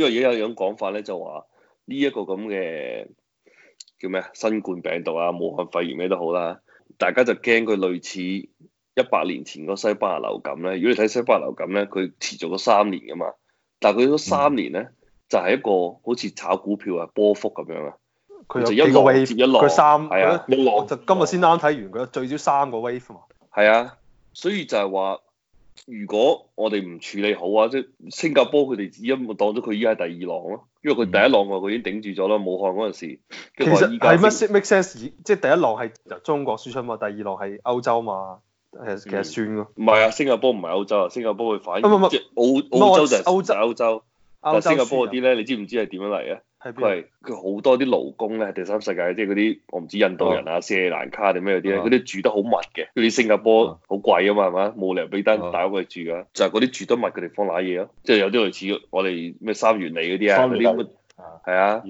因為而家有種講法咧，就話呢一個咁嘅叫咩啊？新冠病毒啊，武漢肺炎咩都好啦，大家就驚佢類似一百年前嗰西班牙流感咧。如果你睇西班牙流感咧，佢持續咗三年噶嘛，但係佢咗三年咧，嗯、就係一個好似炒股票啊波幅咁樣 wave, 啊，佢就有一個 wave 一落佢三，佢就今日先啱睇完佢，哦、最少三個 wave 嘛。係啊，所以就係話。如果我哋唔處理好啊，即新加坡佢哋只已經當咗佢依家係第二浪咯，因為佢第一浪話佢已經頂住咗啦，嗯、武漢嗰陣時，其實係乜事 make sense？即第一浪係由中國輸出嘛，第二浪係歐洲嘛，其實、嗯、其實算咯。唔係啊，新加坡唔係歐洲啊，新加坡佢反唔唔唔，澳澳洲就歐洲，歐洲。但新加坡嗰啲咧，你知唔知係點樣嚟啊？係佢，好多啲勞工咧，係第三世界，即係嗰啲我唔知印度人啊、啊斯里蘭卡定咩嗰啲咧，啲、啊、住得好密嘅。啲新加坡好貴啊嘛，係嘛、啊，冇理由俾得大屋企住噶，就係嗰啲住得密嘅地方揦嘢咯。即係有啲類似我哋咩三元里嗰啲啊，係些啊，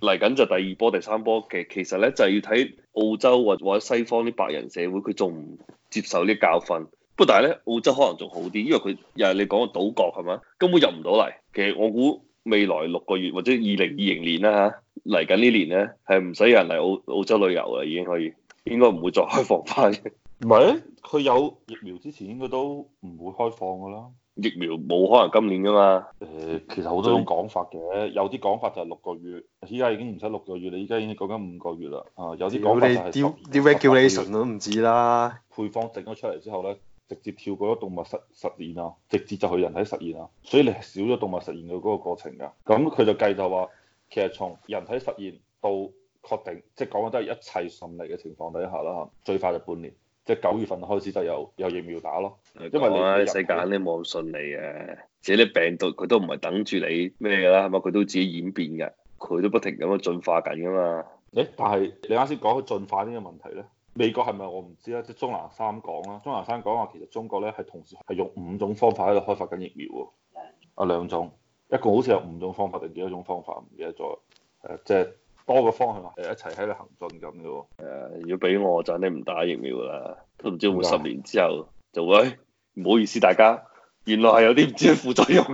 嚟緊、啊、就第二波、第三波嘅。其實咧就係、是、要睇澳洲或或者西方啲白人社會，佢仲唔接受呢啲教訓。不過但係咧，澳洲可能仲好啲，因為佢又係你講嘅島國係嘛，根本入唔到嚟。其實我估。未來六個月或者二零二零年啦嚇，嚟緊呢年咧係唔使有人嚟澳澳洲旅遊啦，已經可以，應該唔會再開放翻嘅。唔係，佢有疫苗之前應該都唔會開放噶啦。疫苗冇可能今年㗎嘛。誒，其實好多種講法嘅，有啲講法就係六個月，依家已經唔使六個月，你依家已經講緊五個月啦。啊，有啲講法就係。啲 reculation 都唔知啦，配方整咗出嚟之後咧，直接跳過咗動物實實驗啊，直接就去人體實驗啊，所以你少咗動物實驗嘅嗰個過程㗎。咁佢就計就話，其實從人體實驗到確定，即係講緊都係一切順利嘅情況底下啦嚇，最快就半年，即係九月份開始就有有疫苗打咯。因為你，啊，你，你世界你冇咁順利嘅啊，自己啲病毒佢都唔係等住你咩㗎啦，係嘛？佢都自己演變嘅，佢都不停咁樣進化緊㗎嘛。誒，但係你啱先講嘅進化呢個問題咧？美國係咪我唔知啦，即係鍾南山講啦。鍾南山講話其實中國咧係同時係用五種方法喺度開發緊疫苗喎。啊，兩種，一共好似有五種方法定幾多種方法，唔記得咗。誒，即係多個方向係一齊喺度行進緊嘅喎。如果俾我就肯定唔打疫苗啦。都唔知會十年之後就會唔、哎、好意思大家，原來係有啲唔知咩副作用。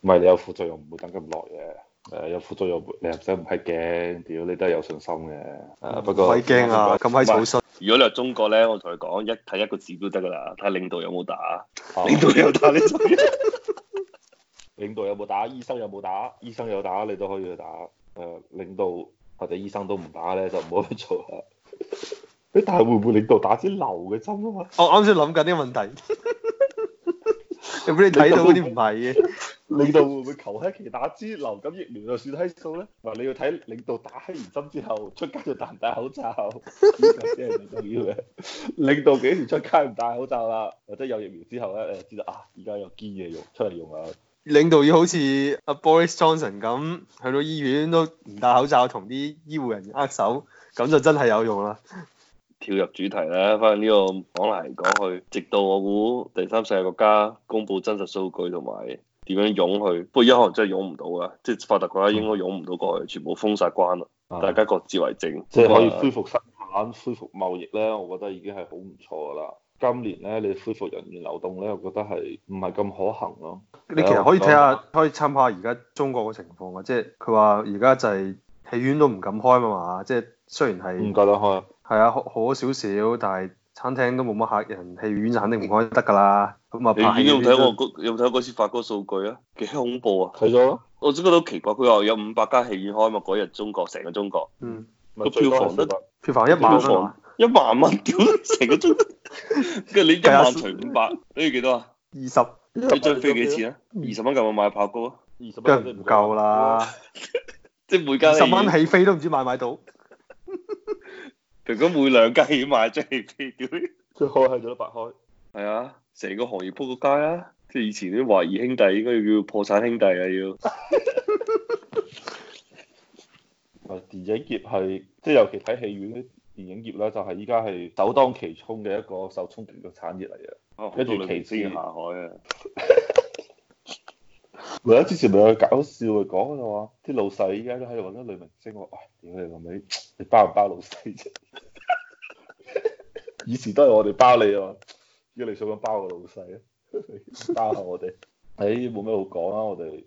唔係 你有副作用，唔會等咁耐嘅。誒有副作用，你又唔使唔閪驚？屌，你都係有信心嘅。誒、啊，不過。鬼驚啊！咁鬼草率。如果你係中國咧，我同你講，一睇一個字都得噶啦，睇下領導有冇打。啊、領導有打，你做。領導有冇打？醫生有冇打,打？醫生有打，你都可以去打。誒、呃，領導或者醫生都唔打咧，就唔冇得做啦。 但係會唔會領導打支流嘅針啊嘛？ 我啱先諗緊啲問題。誒， 俾你睇到嗰啲唔係嘅。領導會唔會求閪其打支流感疫苗就算閪數咧？唔，你要睇領導打閪完針之後出街就戴唔戴口罩先係 最重要嘅。領導幾時出街唔戴口罩啦？或者有疫苗之後咧，誒知道啊，而家有堅嘢用出嚟用啊！領導要好似阿 Boris Johnson 咁，去到醫院都唔戴口罩同啲醫護人員握手，咁就真係有用啦。跳入主題啦，翻呢個講嚟講去，直到我估第三世界國家公布真實數據同埋。點樣湧去？不過一可能真係湧唔到㗎，即係發達國家應該湧唔到過去，嗯、全部封曬關啦，嗯、大家各自為政，即係可以恢復生產、恢復貿易咧，我覺得已經係好唔錯㗎啦。今年咧，你恢復人員流動咧，我覺得係唔係咁可行咯？你其實可以睇下，可以參考下而家中國嘅情況啊，即係佢話而家就係、是、戲院都唔敢開嘛嘛，即、就、係、是、雖然係唔夠膽開，係啊，好少少，但係。餐廳都冇乜客人，戲院就肯定唔開得噶啦。咁啊，戲院有冇睇我嗰有冇睇過發嗰個數據啊？幾恐怖啊！睇咗，我真覺得好奇怪。佢話有五百間戲院開嘛？嗰日中國成個中國，個票房都票房一萬蚊，一萬蚊屌成個中國，跟住你一萬除五百等於幾多啊？二十。一張飛幾錢啊？二十蚊夠唔夠買爆谷啊？二十蚊都唔夠啦，即係每間十蚊起飛都唔知買唔買到。如果每兩間要買張戲票，佢開係做得白開，係啊，成個行業鋪個街啊，即係以前啲華誼兄弟應該要叫破產兄弟啊，要啊電影業係即係尤其睇戲院啲電影業咧，就係依家係首當其衝嘅一個受衝擊嘅產業嚟啊，一住奇屍下海啊！唔係之前咪有搞笑嘅講嗰度啊，啲老細依家都喺度揾啲女明星話，喂，屌你老味，你包唔包老細啫？ 以前都係我哋包你啊，而家你想咁包個老細？ 包下我哋，誒冇咩好講啦、啊，我哋。